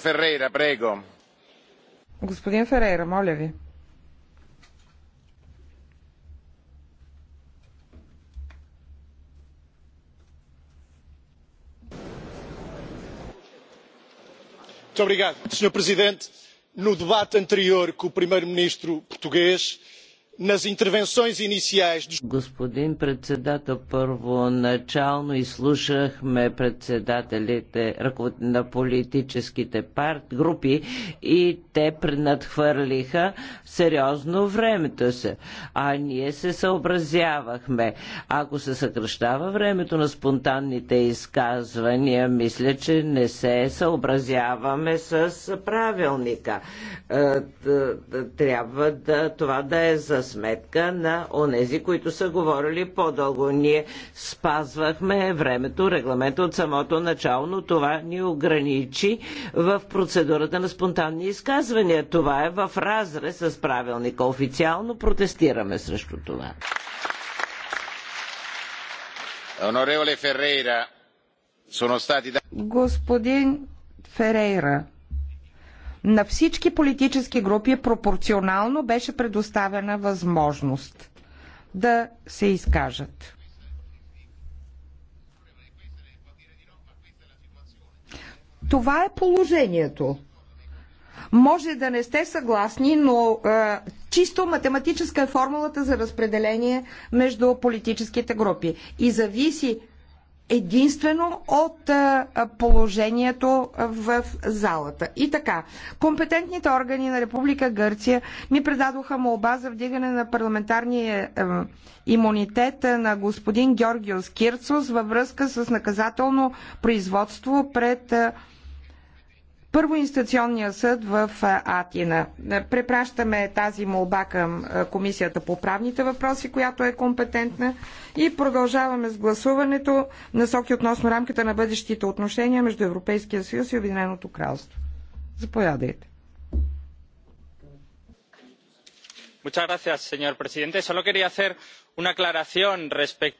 Ферейра, прего. Господин Ферейра, моля ви. senhor presidente no debate anterior com o primeiro ministro português Господин председател, първоначално изслушахме председателите на политическите парт, групи и те пренадхвърлиха сериозно времето се. А ние се съобразявахме. Ако се съкръщава времето на спонтанните изказвания, мисля, че не се съобразяваме с правилника. Е, трябва да, това да е за сметка на онези, които са говорили по-дълго. Ние спазвахме времето, регламента от самото начало, но това ни ограничи в процедурата на спонтанни изказвания. Това е в разрез с правилника. Официално протестираме срещу това. Господин Ферейра, на всички политически групи пропорционално беше предоставена възможност да се изкажат. Това е положението. Може да не сте съгласни, но е, чисто математическа е формулата за разпределение между политическите групи. И зависи единствено от положението в залата. И така, компетентните органи на Република Гърция ми предадоха молба за вдигане на парламентарния имунитет на господин Георгиос Кирцос във връзка с наказателно производство пред първоинстанционния съд в Атина. Препращаме тази молба към Комисията по правните въпроси, която е компетентна и продължаваме с гласуването насоки относно рамката на бъдещите отношения между Европейския съюз и Обединеното кралство. Заповядайте. señor presidente solo quería hacer una aclaración respecto